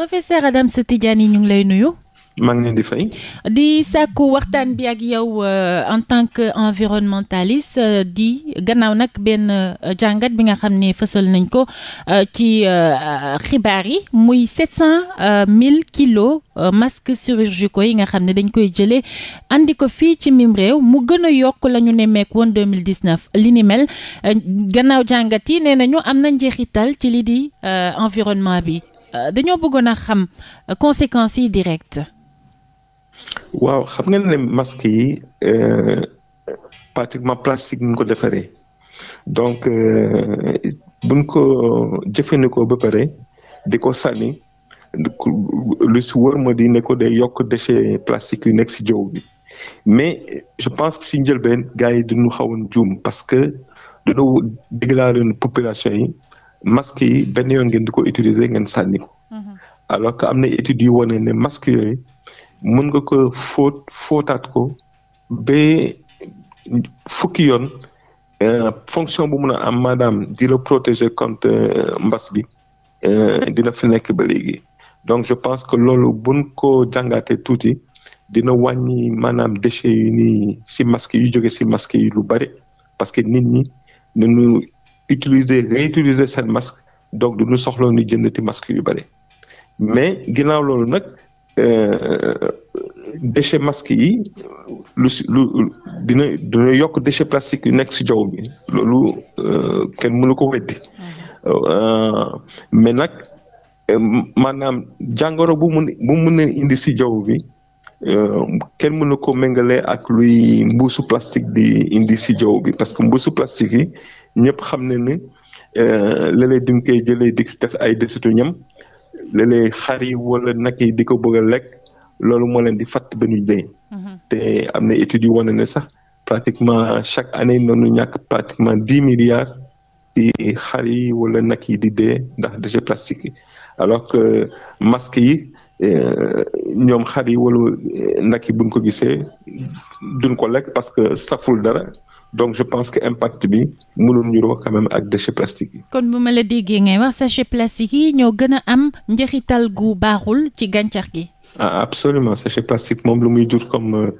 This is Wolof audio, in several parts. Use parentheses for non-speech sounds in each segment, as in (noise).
professeur Adams Tidjani ñu ngi lay nuyu. maa di fay. di sàkku waxtaan bi ak yow euh, en tant que environnementaliste euh, di gannaaw nag benn euh, jàngat bi nga xam ne fësal nañ ko ci xibaar yi muy sept cent mille kilos masques chirurgicaux yi nga xam ne dañ koy jëlee andi ko fii ci mim réew mu gën a yokk la ñu nemmeek woon deux mille dix neuf li ni gannaaw jàngat yi nee nañu am na njeexital ci li di environnement bi. Euh, dañoo bëggoon a xam euh, conséquences yi direct waaw xam ngeen ne masque yi euh, pratiquement plastique ñu ko defaree donc buñ ko jëfandikoo ba pare di ko sànni lu si wër ma di ne ko day yokk déchet plastique yu nekk si jaww bi mais je pense que si njëlbeen gars yi dañu xawoon juum parce que dañu diglaale population yi masque yi benn yoon ngeen di ko utiliser ngeen sànni ko mhm. alors que am na études yu wane ne masque yooyu mën nga ko fóot fóotaat ko ba fukki yoon euh, fonction bu mun a am maanaam di la protéger contre euh, mbas bi euh, dina fi nekk ba léegi donc je pense que loolu buñ ko jàngaatee tuuti dina wàññi maanaam déchets yu nii si masque yu jóge si masque yi lu bari parce que nit ñi utiliser réutiliser seen masque donc du ñu soxla ñu jëndati masque yu bëri mais ginnaaw loolu nag euh, déchet masque yi lu si lu dina dina yokk déchet plastique yu nekk si jaww bi euh, kenn mënu ko weddi euh, mais nag maanaam jàngoro bu mun bu mun indi si jaww bi kenn mën na ko méngale ak luy mbuusu plastique di indi si jaww bi parce que mbuusu plastique yi ñëpp xam ne ni euh, léeg-léeg duñ koy jëlee di ay desitu ñam léeg-léeg xar yi wala nag yi di ko bëgg a lekk loolu moo leen di fatt ba ñu dee. Mm-hmm. te am na études yu sax pratiquement chaque année noonu ñàkk pratiquement dix milliards ci xar yi wala nag yi di dee ndax déchets plastiques yi alors que masques yi. Euh, ñoom xar yi wala euh, nag yi buñ ko gisee duñ ko lekk parce que saful dara donc je pense que impact bi mënul niroo quand même ak déchets plastiques yi. kon bu ma la déggee ngay wax sachet plastique yi ñoo gën a am njeexital gu baaxul ci gàncax gi. ah absolument sachet plastique moom lu muy jur comme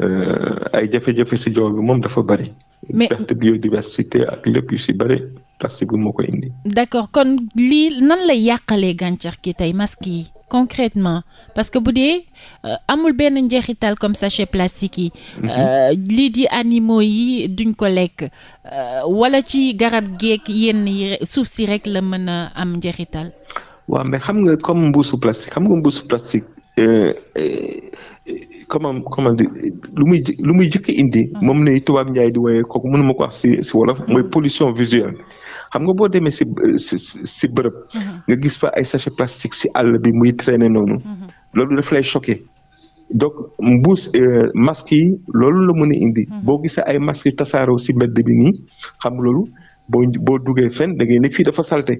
euh, ay jafe-jafe si jaww bi moom dafa bari. mais perte biodiversité ak lépp yu si bari. plastique bi moo ko indi. d'accord kon lii nan lay yàqalee gàncax gi tey masque yi concrètement parce que bu dee euh, amul benn njeexital comme sachet plastique yi. Mhm. Euh, lii di animaux yi duñ ko lekk euh, wala ci garab geek yenn yi suuf si rek la mën a am njeexital. waaw mais xam nga comme mbuusu plastique xam nga mbuusu plastique euh, comment comment dire lu muy lu muy jëkk indi. Ah. moom ne tubaab njaay di wooyee kooku mënuma ko wax si si wolof mooy mm. pollution visuelle. xam nga boo demee si si si bërëb. Mhm. nga gis fa ay sachet plastique si àll bi muy traîner noonu. Mhm. loolu daf lay choqué. donc mbuus euh, masques yi loolu la mën indi. Mhm. boo gisee ay masques tasaaroo si mbedd bi nii xam loolu boo boo duggee fen da ngay ne fii dafa salte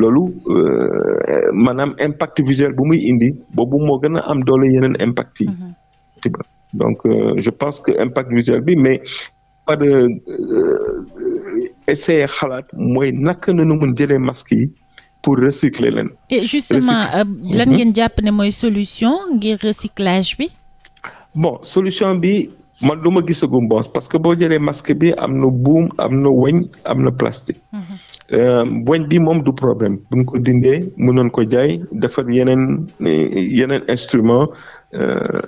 loolu euh, maanaam impact visuel bu muy indi boobu moo gën am doole yeneen impact yi. donc euh, je pense que impact visuel bi mais pas de essayer xalaat mooy naka nanu mun jëlee masques yi pour recycler leen. et justement euh, lan mhm. ngeen jàpp ne mooy solution ngir recyclage bi. bon solution bi man lu ma gisagum bon parce que boo jëlee masque bi am na buum am na weñ am na plastique. Mhm. Euh, weñ bi moom du problème bu ñu ko dindee mënoon ko jaay defar yeneen yeneen instrument euh,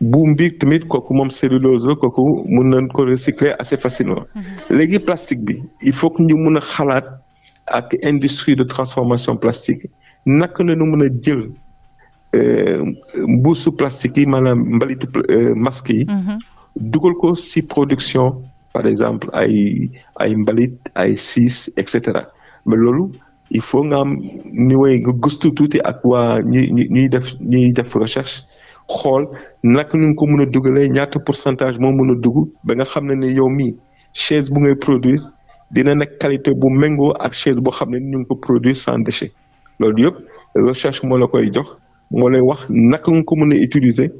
bu bi tamit kooku moom cellulose la kooku mun nañ ko recycler assez facilement. Mhm. léegi plastique bi il faut que ñu mun a xalaat ak industrie de transformation plastique nak na ñu mun a jël euh, mbuusu plastique yi maanaam mbalitu euh, masque yi. Mhm. dugal ko si production par exemple ay ay mbalit ay siis et cetera mais loolu. il faut nga am ni woy nga gëstu tuuti ak waa ñuy ñuy def ñuy def recherche xool naka ñu ko mën a dugalee ñaata pourcentage moom mën a dugg ba nga xam ne ni yow mii chaise bu ngay produire dina nekk qualité bu méngoo ak chaise boo xam ne ñu ngi ko produire sans déchet loolu yëpp recherche moo la koy jox moo lay wax naka nga ko mën a utiliser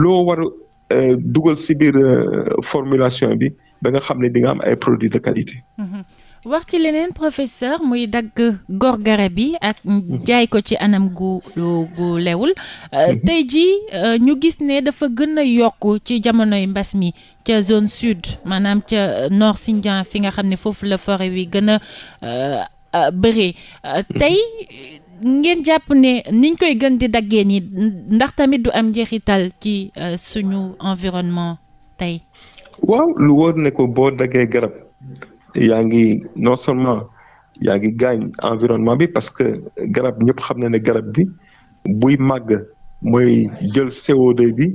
loo war a euh, dugal si biir euh, formulation bi ba nga xam ne di nga am ay produits de qualité. Mm-hmm. wax ci leneen professeur muy dagg gor garab yi ak mhm. jaay ko ci anam gu gu lewul euh, mhm. tey jii euh, ñu gis ne dafa gën a yokk ci jamonoy mbas mi ca zone sud maanaam ca euh, Nord Sindian fi nga xam ne foofu la fore wi gën a bëree mhm. tey ngeen jàpp ne niñ koy gën di daggee nii ndax tamit du am njeexital ci suñu environnement tey waaw lu wóor ne ko boo daggee garab yaa ngi non seulement yaa ngi gaañ environnement bi parce que garab ñëpp xam na ne garab bi buy màgg mooy jël co bi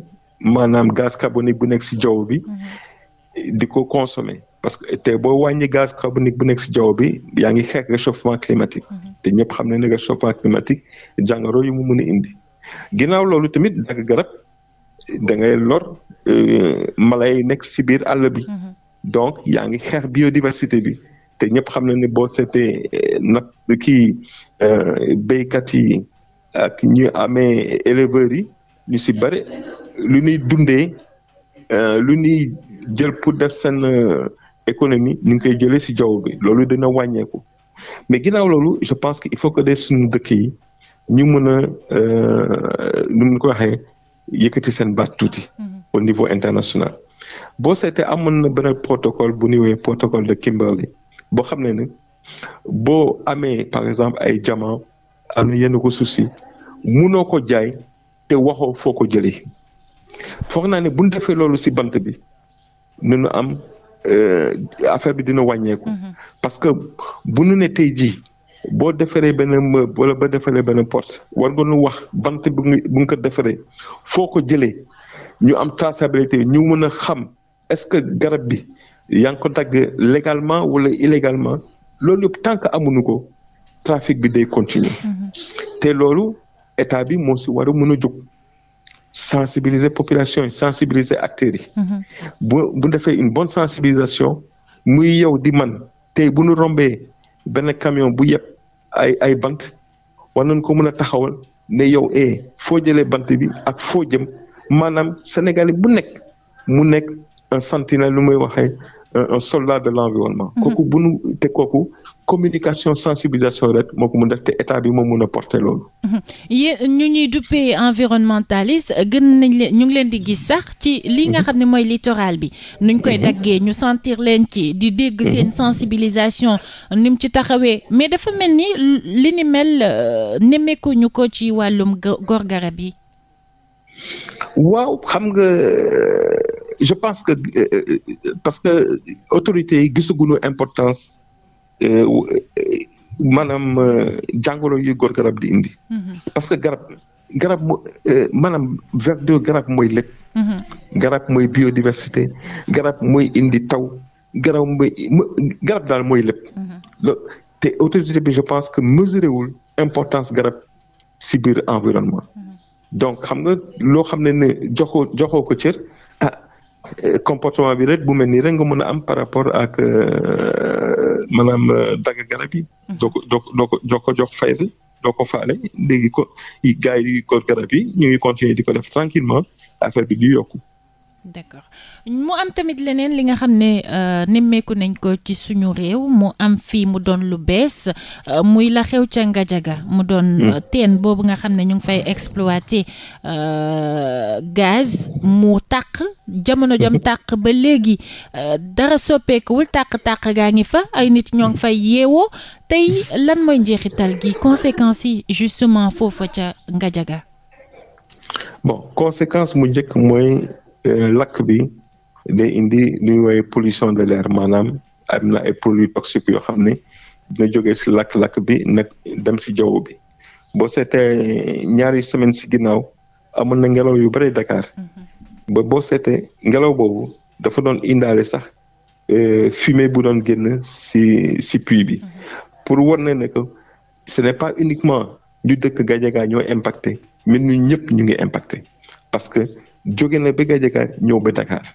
maanaam gaz carbonique bu nekk ci jaww bi mhm. ko consommer parce que te boo wàññi gaz carbonique bu nekk si jaww bi yaa ngi xeex réchauffement climatique mhm. te ñëpp xam na ne réchauffement climatique jàngoro yu mu mën a indi ginnaaw loolu tamit dagg garab da ngay lor euh, mala yi nekk ci biir àll bi. Mhm. donc yaa ngi xeex biodiversité bi te ñëpp xam na ne boo seetee eh, nag kii eh, béykat yi ak ñu amee éleveurs yi ñu si bëri lu ñuy dundee eh, lu ñuy jël pour def seen économie ñu ngi koy jëlee si jaww bi loolu dina wàññeeku mais ginnaaw loolu je pense que il faut que des suñu dëkk yi ñu mën a nu mu ko waxee yëkkati seen baat tuuti mm-hmm. au niveau international. boo seetee amoon na benn protocole bu ñuy woowee protocole de Kimberley boo xam ne ni boo amee par exemple ay diamant am na yenn ko souci munoo ko jaay te waxoo foo ko jëlee foog naa ne bu defee loolu si bant bi nu am euh, affaire bi dina wàññeeku. Mm-hmm. parce que bu ne tey jii boo defaree benn meuble wala ba defaree benn porte war nga wax bant bu nga bu foo ko jëlee. ñu am traçabilité ñu mën a xam est-ce que garab bi yaa ngi ko dagg légalement wala illégalement loolu yëpp tant que amuñu ko trafic bi day continuer mm-hmm. te loolu état bi moo si war a a jóg sensibiliser population yi sensibiliser acteurs yi. Mm-hmm. bu bu defee une bonne sensibilisation muy yow di man tey bu nu rombee benn camion bu yeb ay ay bant war nañ ko mën a taxawal ne yow eh foo jëlee bant bi ak foo jëm. maanaam sénégalais bu nekk mu nekk un na lu may waxee un soldat de l'environnement mm-hmm. kooku bu nu te kooku communication sensibilisation rek moo ko mun def te état bi moom mun a porter loolu mm-hmm. yéen ñu ñuy duppee environnementaliste gën nañ leen ñu ngi leen di gis sax ci li nga mm-hmm. xam ne mooy littoral bi nuñ koy daggee ñu sentir leen ci di dégg seen sensibilisation nim ci taxawee mais dafa mel ni li ni mel euh, nemmeeku ñu ko ci wàllum góor garab yi waaw xam nga euh, je pense que euh, euh, parce que autorités yi gisaguñu importance maanaam jàngoro yu góor garab di indi. Mm-hmm. parce que garab garab maanaam verdure garab mooy lekk. Mm-hmm. garab mooy biodiversité garab mooy indi taw garab mooy garab daal mooy lépp. Mm-hmm. te autorité bi je pense que mesuré wul importance garab si biir environnement. donc xam nga loo xam ne ne joxo joxo ko cër ah comportement bi rek bu mel nii rek nga mën a am par rapport ak euh, maanaam euh, dagg garab yi. Mm-hmm. doo ko doo ko doo ko jox fayda doo ko faale léegi ko gars yi góor garab yi ñu ngi continuer di ko def tranquillement affaire bi di yokku. d' accord mu am tamit leneen li nga xam ne euh, nemmeeku nañ ko ci suñu réew mu am fii mu doon lu bees euh, muy la xew ca Ngajaga mu doon hmm. euh, teen boobu nga xam ne ñu ngi fay exploité gaz mu tàq jamono jam (laughs) tàq ba léegi dara soppeekuwul tàq-tàq gaa ngi fa ay nit ñoo ngi fay yeewoo tey lan mooy njeexital gi conséquences yi justement foofa ca Ngajaga bon conséquence mu njëkk mooy Euh, lakk bi day indi lu ñu woowee pollution de l'air maanaam am na ay produits toxiques yoo xam ne dina joge si lakk-lakk bi nag dem si jaww bi boo seetee ñaari semaine si ginnaaw amoon na ngelaw yu bëri Dakar mm-hmm. ba boo seetee ngelaw boobu dafa doon indaale sax euh, fumée bu doon génn si si puits bi mm-hmm. pour war na ne que ce n'est pas uniquement ñu dëkk Gadiaga ñoo impacté mais ñun ñëpp ñu ngi impacté parce que jóge na ba Gadiaga ñëw ba Dakar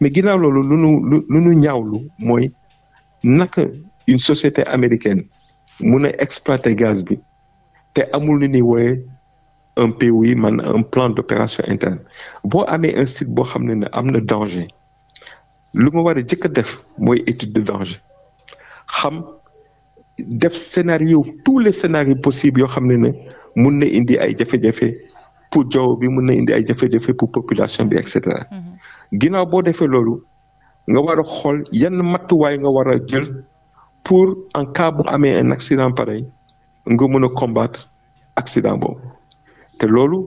mais ginnaaw loolu lu nu lu nu ñaawlu mooy naka une société américaine mun a exploiter gaz bi te amul lu ñuy wooyee un POI man un plan d'opération interne boo amee un site boo xam ne ne am na danger lu ma war a jëkk a def mooy étude de danger xam def scénario tous les scénarios possibles yoo xam ne ne mun na indi ay jafe-jafe pour jaww bi mën na indi ay jafe-jafe pour population bi et cetera. Mm-hmm. Mm-hmm. ginnaaw boo defee loolu nga war a xool yan matuwaay nga war a jël pour en cas bu amee un accident pareil nga mën a combattre accident boobu te loolu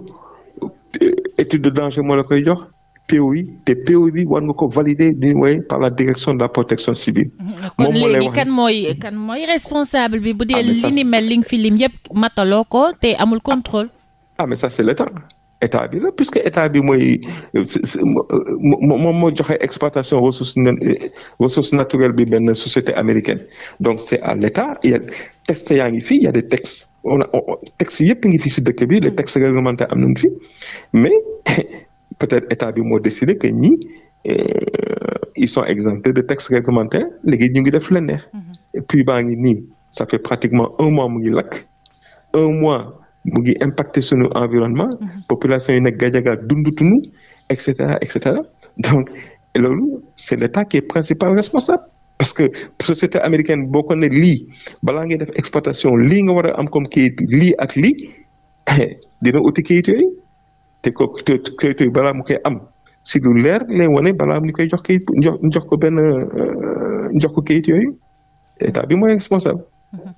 euh, étude de danger moo la koy jox. POI te POI bi war nga ko valider du way par la direction de la protection civile. Mm-hmm. moo lay wax mooy responsable bi. bu dee ah, li ni mel li mataloo ko te amul contrôle. ah mais ça c'est l'État état bi la puisque état bi mooy euh, moom moo joxe exploitation ressource ressource naturelle bi benn société américaine donc c'est à l'état il a texte yaa ngi fi il y a des textes on a textes yëpp ngi fi si dëkk bi les mm. textes réglementaires am nañu fi mais (laughs) peut-être état bi moo décidé que ñi euh, ils sont exemptés de textes réglementaires léegi ñu ngi def la neex mm-hmm. puis baa ngi nii ça fait pratiquement un mois mu ngi lakk un mois mu ngi impacté suñu environnement. Mm-hmm. population yi nag gajaga dundutunu et cetera et cetera donc loolu le est l' état qui est principal responsable. parce que société américaine boo ko ne lii balaa ngay def exploitation lii nga war a am comme kayit lii ak lii (coughs) dina uti kayit yooyu te ko kayit yooyu balaa mu koy am si lu leer lay wane balaa ñu koy jox kayit jox ko benn euh, jox ko kayit yooyu état bi mooy responsable. Mm-hmm.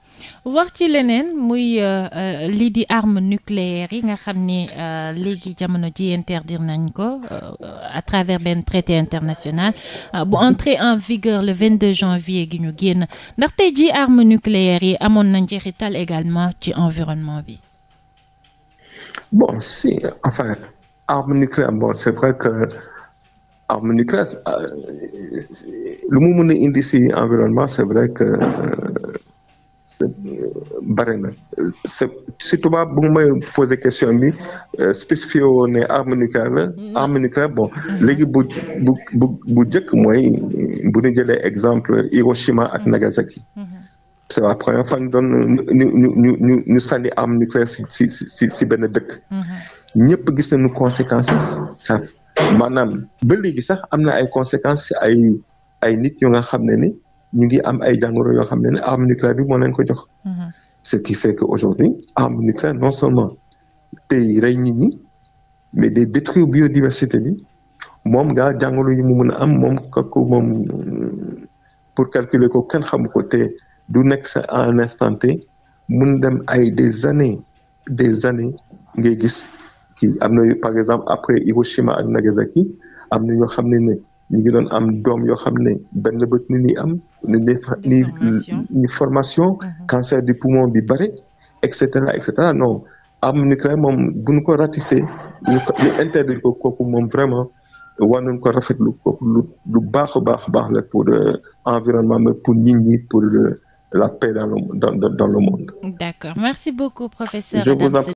wax ci leneen muy euh, euh, lii di arme nucléaire yi nga xam ni ne euh, léegi jamono ji interdire nañ ko à travers benn traité international bu entré en vigueur le 22 janvier gi ñu génn ndax tey ji arme nucléaire yi amoon na njeexital également ci environnement bi mu mën indi si bëri na si tubaab bu may posé question bi euh, spécifié woo ne arme nucléaire mm-hmm. arme nucléaire bon mm-hmm. léegi bu bu bu bu njëkk mooy bu ñu jëlee exemple Hiroshima ak mm-hmm. Nagasaki c'est la première fois ñu doon ñu ñu ñu arme nucléaire si si si si benn dëkk ñëpp gis nañu conséquences ça ba léegi sax am na ay conséquences ay ay nit ñu nga xam ne ni ñu ngi am ay jàngoro yoo xam ne ne arme nucléaire bi moo leen ko jox. Mm-hmm. ce qui fait que aujourd'hui arme nucléaire non seulement tey rey nit ñi mais day détruire biodiversité bi moom gaa jàngoro yi mu mën a am moom kooku moom pour calculer ko kenn xamu ko te du nekk sa à un instant mun dem ay des années des années ngay gis kii am na par exemple après Hiroshima ak Nagasaki am na ñoo xam ne ne ñu ngi doon am doom yoo xam ne benn bët ni ñuy am. ni ni formation mhm. cancer du poumon bi bare et cetera et cetera am nucléaire moom bu ñu ko ratissé ñu ko ñu interdire ko kooku moom vraiment war nañu ko rafetlu kooku lu lu baax a baax baax la pour euh, environnement mais pour nit ñi pour euh, la paix dans le dans dans monde. D'accord merci beaucoup professeur.